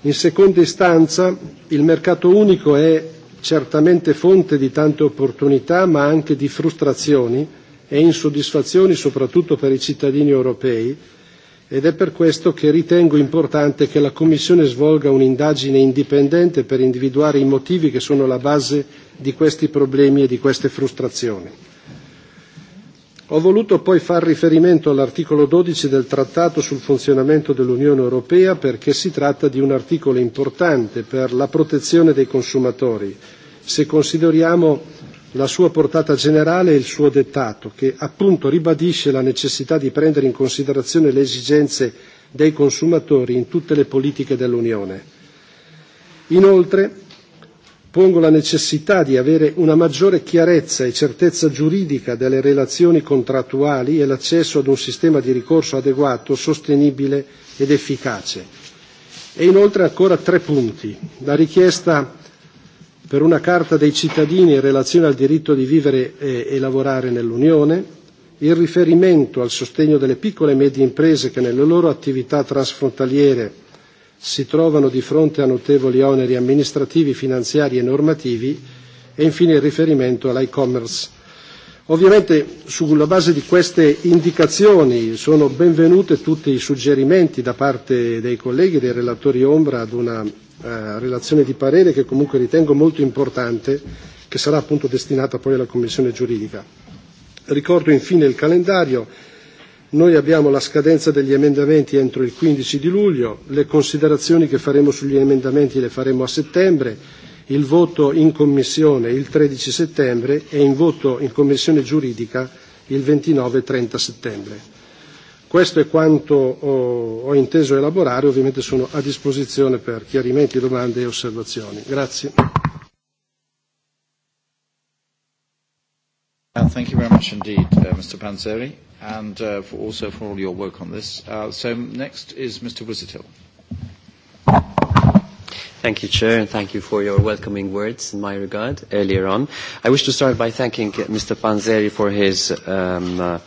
In seconda istanza, il mercato unico è certamente fonte di tante opportunità, ma anche di frustrazioni e insoddisfazioni soprattutto per i cittadini europei, ed è per questo che ritengo importante che la Commissione svolga un'indagine indipendente per individuare i motivi che sono alla base di questi problemi e di queste frustrazioni. Ho voluto poi far riferimento all'articolo 12 del Trattato sul funzionamento dell'Unione Europea perché si tratta di un articolo importante per la protezione dei consumatori, se consideriamo la sua portata generale e il suo dettato, che appunto ribadisce la necessità di prendere in considerazione le esigenze dei consumatori in tutte le politiche dell'Unione. Inoltre, pongo la necessità di avere una maggiore chiarezza e certezza giuridica delle relazioni contrattuali e l'accesso ad un sistema di ricorso adeguato, sostenibile ed efficace. E inoltre ancora tre punti. La richiesta per una Carta dei cittadini in relazione al diritto di vivere e, e lavorare nell'Unione, il riferimento al sostegno delle piccole e medie imprese che nelle loro attività transfrontaliere si trovano di fronte a notevoli oneri amministrativi, finanziari e normativi e infine il riferimento all'e-commerce. Ovviamente sulla base di queste indicazioni sono benvenute tutti i suggerimenti da parte dei colleghi dei relatori ombra ad una Eh, relazione di parere che comunque ritengo molto importante, che sarà appunto destinata poi alla Commissione giuridica. Ricordo infine il calendario. Noi abbiamo la scadenza degli emendamenti entro il 15 di luglio, le considerazioni che faremo sugli emendamenti le faremo a settembre, il voto in commissione il 13 settembre e in voto in commissione giuridica il 29 e 30 settembre. Questo è quanto ho, ho inteso elaborare, ovviamente sono a disposizione per chiarimenti, domande e osservazioni. Grazie.
Uh, thank you very much indeed, uh, Mr. Panzeri, and uh, for also
for all your work on this. Uh, so next is Mr. Wizitill. Thank you, Chair, and thank you for your welcoming words in my regard earlier on. I wish to start by thanking Mr. Panzeri for his um, uh,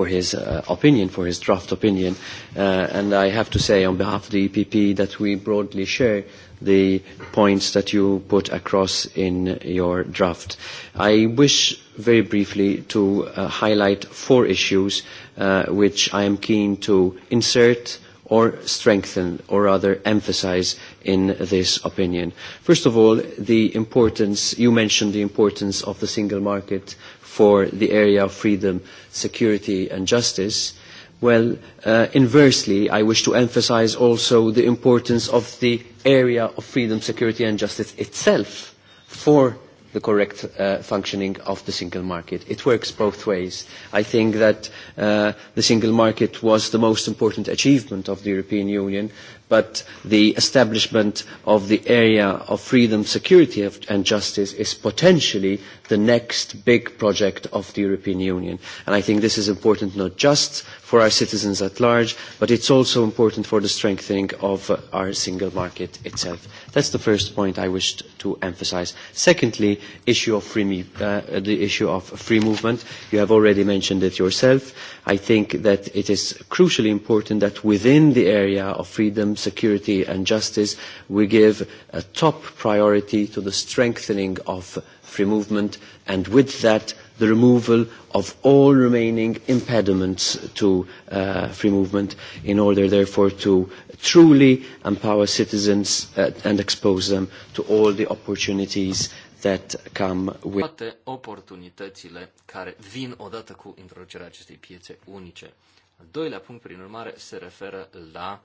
for his uh, opinion, for his draft opinion. Uh, and I have to say on behalf of the EPP that we broadly share the points that you put across in your draft. I wish very briefly to uh, highlight four issues uh, which I am keen to insert or strengthen or rather emphasise in this opinion. First of all, the importance, you mentioned the importance of the single market for the area of freedom, security and justice. Well, uh, inversely, I wish to emphasise also the importance of the area of freedom, security and justice itself for the correct uh, functioning of the single market. It works both ways. I think that uh, the single market was the most important achievement of the European Union, but the establishment of the area of freedom, security and justice is potentially the next big project of the European Union. And I think this is important not just for our citizens at large, but it's also important for the strengthening of uh, our single market itself. That's the first point I wished to emphasize. Secondly, issue of free, uh, the issue of free movement. You have already mentioned it yourself. I think that it is crucially important that within the area of freedom, security and justice, we give a top priority to the strengthening of free movement and with that the removal of all remaining impediments to uh, free movement in order therefore to truly empower citizens uh, and expose them to all the opportunities that come with
toate oportunitățile care vin odată cu introducerea acestei piețe unice. Al doilea punct, prin urmare, se referă la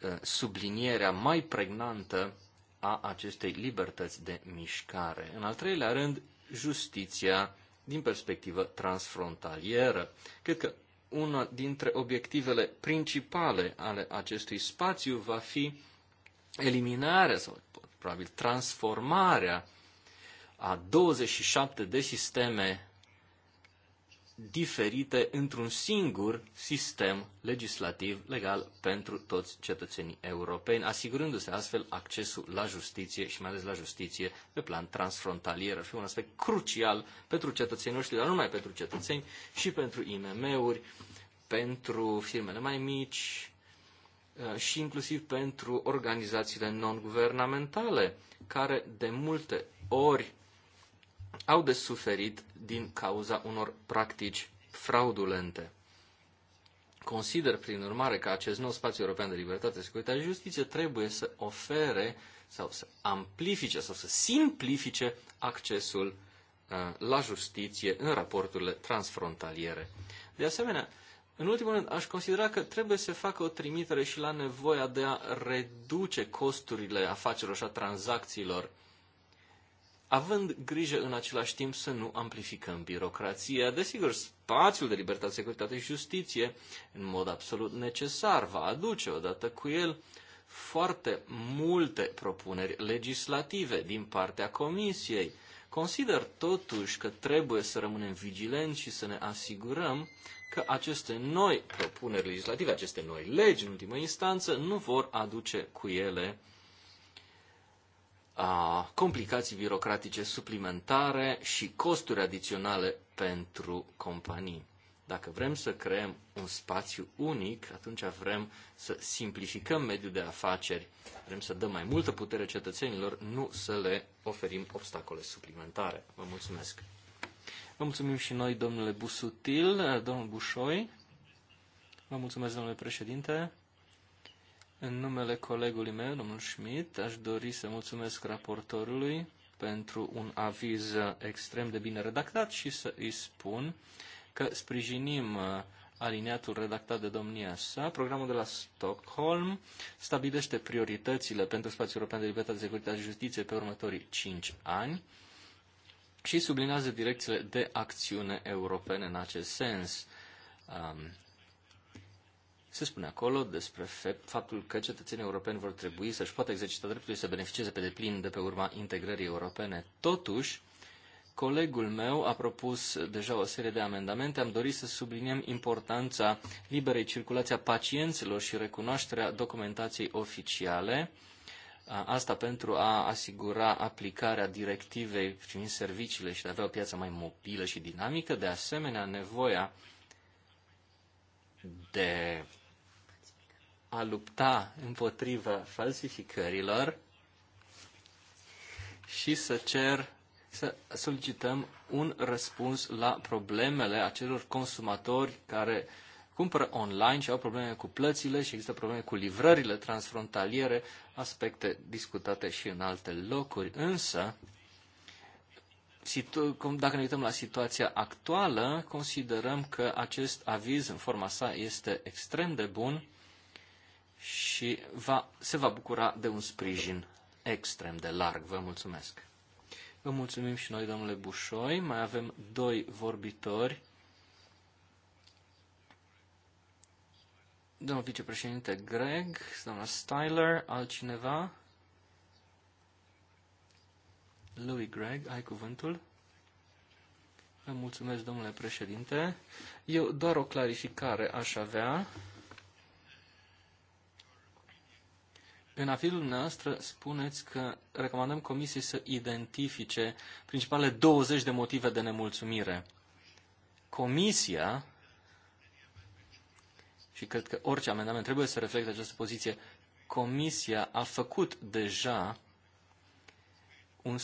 uh, sublinierea mai pregnantă a acestei libertăți de mișcare. În al treilea rând, justiția din perspectivă transfrontalieră. Cred că una dintre obiectivele principale ale acestui spațiu va fi eliminarea sau probabil transformarea a 27 de sisteme diferite într-un singur sistem legislativ legal pentru toți cetățenii europeni, asigurându-se astfel accesul la justiție și mai ales la justiție pe plan transfrontalier. Ar fi un aspect crucial pentru cetățenii noștri, dar nu numai pentru cetățeni, și pentru IMM-uri, pentru firmele mai mici uh, și inclusiv pentru organizațiile non-guvernamentale, care de multe ori au de suferit din cauza unor practici fraudulente. Consider, prin urmare, că acest nou spațiu european de libertate, securitate și justiție trebuie să ofere sau să amplifice sau să simplifice accesul uh, la justiție în raporturile transfrontaliere. De asemenea, în ultimul rând, aș considera că trebuie să facă o trimitere și la nevoia de a reduce costurile afacerilor și a tranzacțiilor având grijă în același timp să nu amplificăm birocrația. Desigur, spațiul de libertate, securitate și justiție, în mod absolut necesar, va aduce odată cu el foarte multe propuneri legislative din partea Comisiei. Consider totuși că trebuie să rămânem vigilenți și să ne asigurăm că aceste noi propuneri legislative, aceste noi legi, în ultimă instanță, nu vor aduce cu ele uh, a complicații birocratice suplimentare și costuri adiționale pentru companii. Dacă vrem să creăm un spațiu unic, atunci vrem să simplificăm mediul de afaceri, vrem să dăm mai multă putere cetățenilor, nu să le oferim obstacole suplimentare. Vă mulțumesc! Vă mulțumim și noi, domnule Busutil, domnul Bușoi. Vă mulțumesc, domnule președinte. În numele colegului meu, domnul Schmidt, aș dori să mulțumesc raportorului pentru un aviz extrem de bine redactat și să îi spun că sprijinim uh, aliniatul redactat de domnia sa. Programul de la Stockholm stabilește prioritățile pentru spațiul european de libertate, securitate și justiție pe următorii 5 ani și sublinează direcțiile de acțiune europene în acest sens. Um, se spune acolo despre faptul că cetățenii europeni vor trebui să-și poată exercita dreptul să beneficieze pe deplin de pe urma integrării europene. Totuși, colegul meu a propus deja o serie de amendamente. Am dorit să subliniem importanța liberei circulații a pacienților și recunoașterea documentației oficiale. Asta pentru a asigura aplicarea directivei privind serviciile și de a avea o piață mai mobilă și dinamică. De asemenea, nevoia de a lupta împotriva falsificărilor și să cer să solicităm un răspuns la problemele acelor consumatori care cumpără online și au probleme cu plățile și există probleme cu livrările transfrontaliere, aspecte discutate și în alte locuri. Însă, dacă ne uităm la situația actuală, considerăm că acest aviz în forma sa este extrem de bun și va, se va bucura de un sprijin extrem de larg. Vă mulțumesc! Vă mulțumim și noi, domnule Bușoi. Mai avem doi vorbitori. Domnul vicepreședinte Greg, doamna Styler, altcineva? Louis Greg, ai cuvântul? Vă mulțumesc, domnule președinte. Eu doar o clarificare aș avea. În avizul noastră spuneți că recomandăm comisiei să identifice principalele 20 de motive de nemulțumire. Comisia, și cred că orice amendament trebuie să reflecte această poziție, Comisia a făcut deja un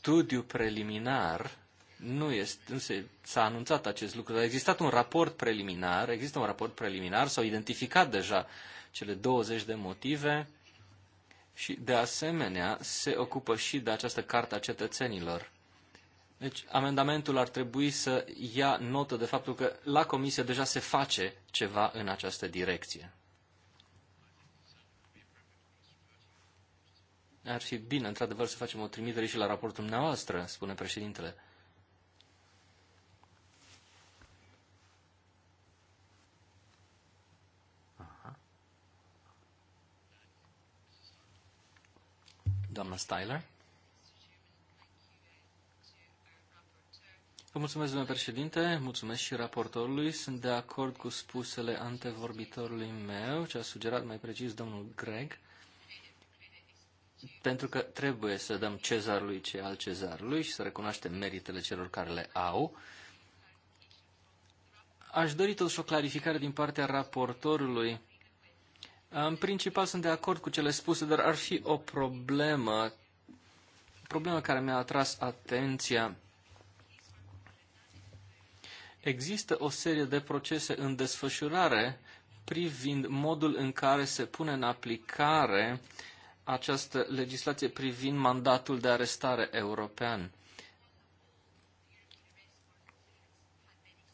studiu preliminar, nu, este, nu se, s-a anunțat acest lucru, dar a existat un raport preliminar, există un raport preliminar, s-au identificat deja uh, cele 20 de motive și, de asemenea, se ocupă și de această carte a cetățenilor. Deci, amendamentul ar trebui să ia notă de faptul că la comisie deja se face ceva în această direcție. Ar fi bine, într-adevăr, să facem o trimitere și la raportul dumneavoastră, spune președintele. doamna Styler. Vă mulțumesc, domnule președinte, mulțumesc și raportorului. Sunt de acord cu spusele antevorbitorului meu, ce a sugerat mai precis domnul Greg, pentru că trebuie să dăm cezarului ce al cezarului și să recunoaștem meritele celor care le au. Aș dori totuși o clarificare din partea raportorului în principal sunt de acord cu cele spuse, dar ar fi o problemă, problemă care mi-a atras atenția. Există o serie de procese în desfășurare privind modul în care se pune în aplicare această legislație privind mandatul de arestare european.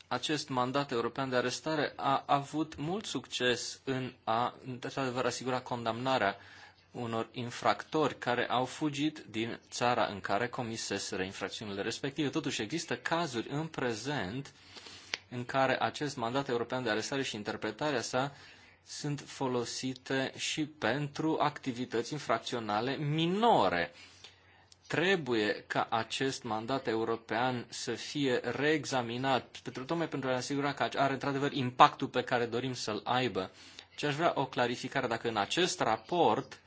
acest mandat european de arestare a avut mult succes în a, într-adevăr, asigura condamnarea unor infractori care au fugit din țara în care comiseseră infracțiunile respective. Totuși există cazuri în prezent în care acest mandat european de arestare și interpretarea sa sunt folosite și pentru activități infracționale minore Trebuie ca acest mandat european să fie reexaminat, pentru tocmai pentru a asigura că are într-adevăr impactul pe care dorim să-l aibă. Ce aș vrea o clarificare dacă în acest raport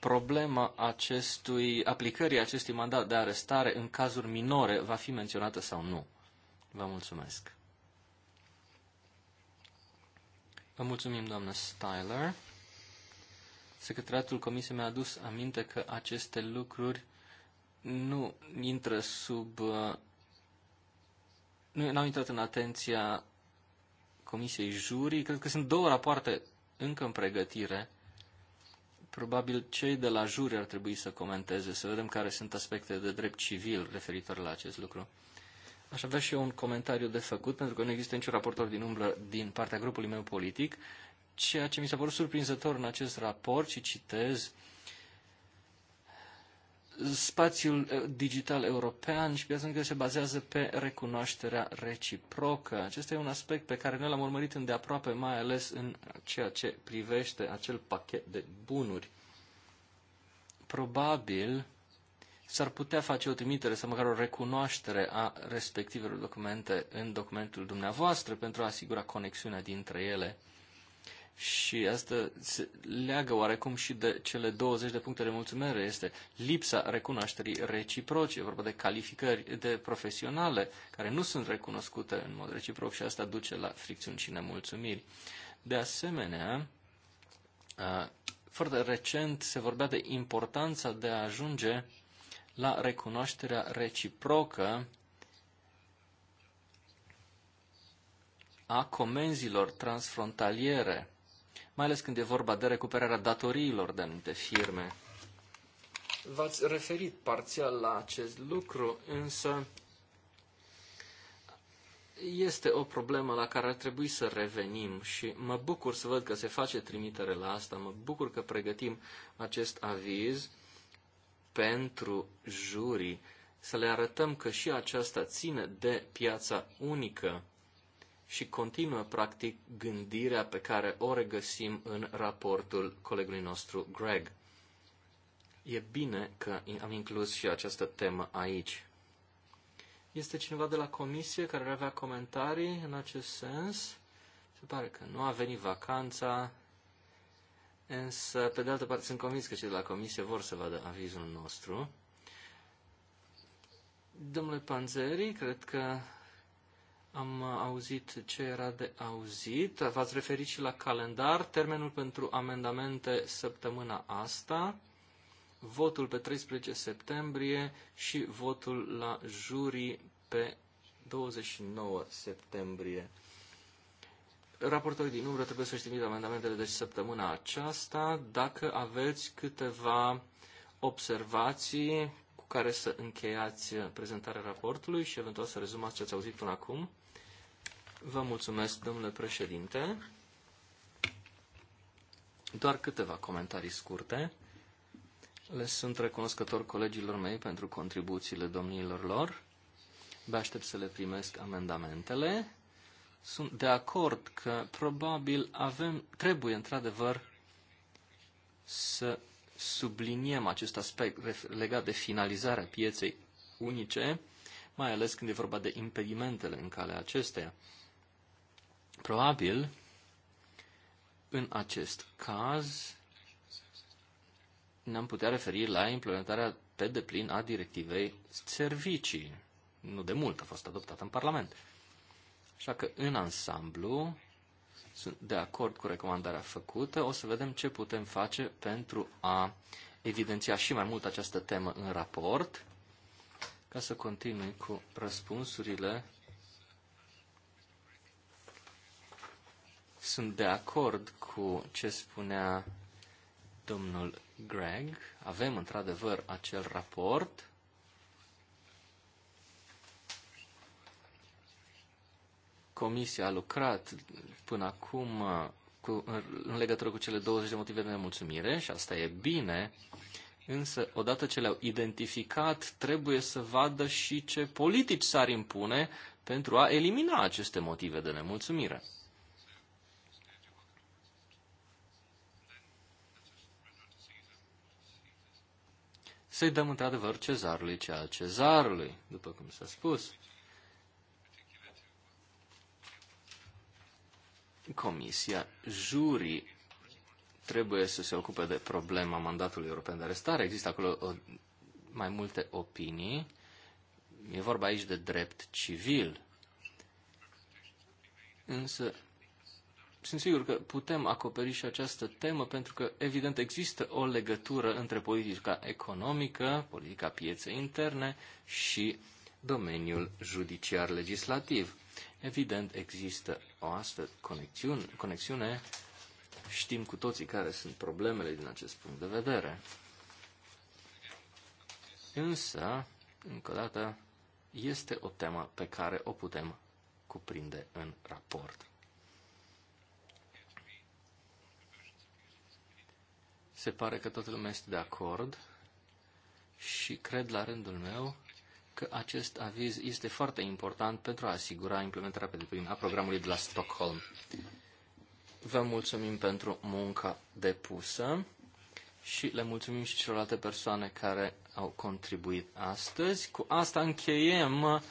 problema acestui, aplicării acestui mandat de arestare în cazuri minore va fi menționată sau nu. Vă mulțumesc. Vă mulțumim, doamnă Styler. Secretariatul Comisiei mi-a adus aminte că aceste lucruri nu intră sub. Uh, nu au intrat în atenția Comisiei Jurii. Cred că sunt două rapoarte încă în pregătire. Probabil cei de la juri ar trebui să comenteze, să vedem care sunt aspectele de drept civil referitor la acest lucru. Aș avea și eu un comentariu de făcut, pentru că nu există niciun raportor din umbră din partea grupului meu politic ceea ce mi s-a părut surprinzător în acest raport și citez spațiul eh, digital european și piața încă se bazează pe recunoașterea reciprocă. Acesta e un aspect pe care noi l-am urmărit îndeaproape, mai ales în ceea ce privește acel pachet de bunuri. Probabil s-ar putea face o trimitere sau măcar o recunoaștere a respectivelor documente în documentul dumneavoastră pentru a asigura conexiunea dintre ele și asta se leagă oarecum și de cele 20 de puncte de mulțumire. Este lipsa recunoașterii reciproce. vorba de calificări de profesionale care nu sunt recunoscute în mod reciproc și asta duce la fricțiuni și nemulțumiri. De asemenea, foarte recent se vorbea de importanța de a ajunge la recunoașterea reciprocă a comenzilor transfrontaliere mai ales când e vorba de recuperarea datoriilor de anumite firme. V-ați referit parțial la acest lucru, însă este o problemă la care ar trebui să revenim și mă bucur să văd că se face trimitere la asta, mă bucur că pregătim acest aviz pentru jurii, să le arătăm că și aceasta ține de piața unică și continuă, practic, gândirea pe care o regăsim în raportul colegului nostru, Greg. E bine că am inclus și această temă aici. Este cineva de la comisie care avea comentarii în acest sens? Se pare că nu a venit vacanța, însă, pe de altă parte, sunt convins că cei de la comisie vor să vadă avizul nostru. Domnule Panzeri, cred că am uh, auzit ce era de auzit. V-ați referit și la calendar. Termenul pentru amendamente săptămâna asta, votul pe 13 septembrie și votul la jurii pe 29 septembrie. Raportorii din umbră trebuie să-și trimită amendamentele de deci, săptămâna aceasta. Dacă aveți câteva observații cu care să încheiați prezentarea raportului și eventual să rezumați ce ați auzit până acum. Vă mulțumesc, domnule președinte. Doar câteva comentarii scurte. Le sunt recunoscător colegilor mei pentru contribuțiile domnilor lor. Vă aștept să le primesc amendamentele. Sunt de acord că probabil avem, trebuie într-adevăr să subliniem acest aspect legat de finalizarea pieței unice, mai ales când e vorba de impedimentele în calea acesteia. Probabil, în acest caz, ne-am putea referi la implementarea pe deplin a directivei servicii. Nu de mult a fost adoptată în Parlament. Așa că, în ansamblu, sunt de acord cu recomandarea făcută. O să vedem ce putem face pentru a evidenția și mai mult această temă în raport, ca să continui cu răspunsurile Sunt de acord cu ce spunea domnul Greg. Avem într-adevăr acel raport. Comisia a lucrat până acum uh, cu, în legătură cu cele 20 de motive de nemulțumire și asta e bine, însă odată ce le-au identificat, trebuie să vadă și ce politici s-ar impune pentru a elimina aceste motive de nemulțumire. să-i dăm într-adevăr cezarului ceea cezarului, după cum s-a spus. Comisia jurii trebuie să se ocupe de problema mandatului european de arestare. Există acolo o, mai multe opinii. E vorba aici de drept civil. Însă sunt sigur că putem acoperi și această temă, pentru că, evident, există o legătură între politica economică, politica pieței interne și domeniul judiciar legislativ. Evident, există o astfel conexiune, conexiune. Știm cu toții care sunt problemele din acest punct de vedere. Însă, încă o dată, este o temă pe care o putem cuprinde în raport. Se pare că toată lumea este de acord și cred la rândul meu că acest aviz este foarte important pentru a asigura implementarea pe deplin a programului de la Stockholm. Vă mulțumim pentru munca depusă și le mulțumim și celorlalte persoane care au contribuit astăzi. Cu asta încheiem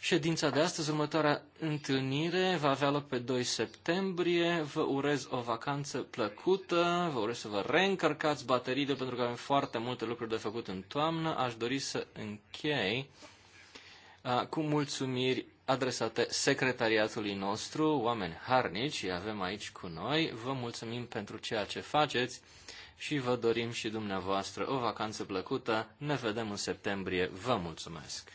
Ședința de astăzi, următoarea întâlnire, va avea loc pe 2 septembrie. Vă urez o vacanță plăcută, vă urez să vă reîncărcați bateriile pentru că avem foarte multe lucruri de făcut în toamnă. Aș dori să închei cu mulțumiri adresate secretariatului nostru, oameni harnici, îi avem aici cu noi. Vă mulțumim pentru ceea ce faceți și vă dorim și dumneavoastră o vacanță plăcută. Ne vedem în septembrie. Vă mulțumesc!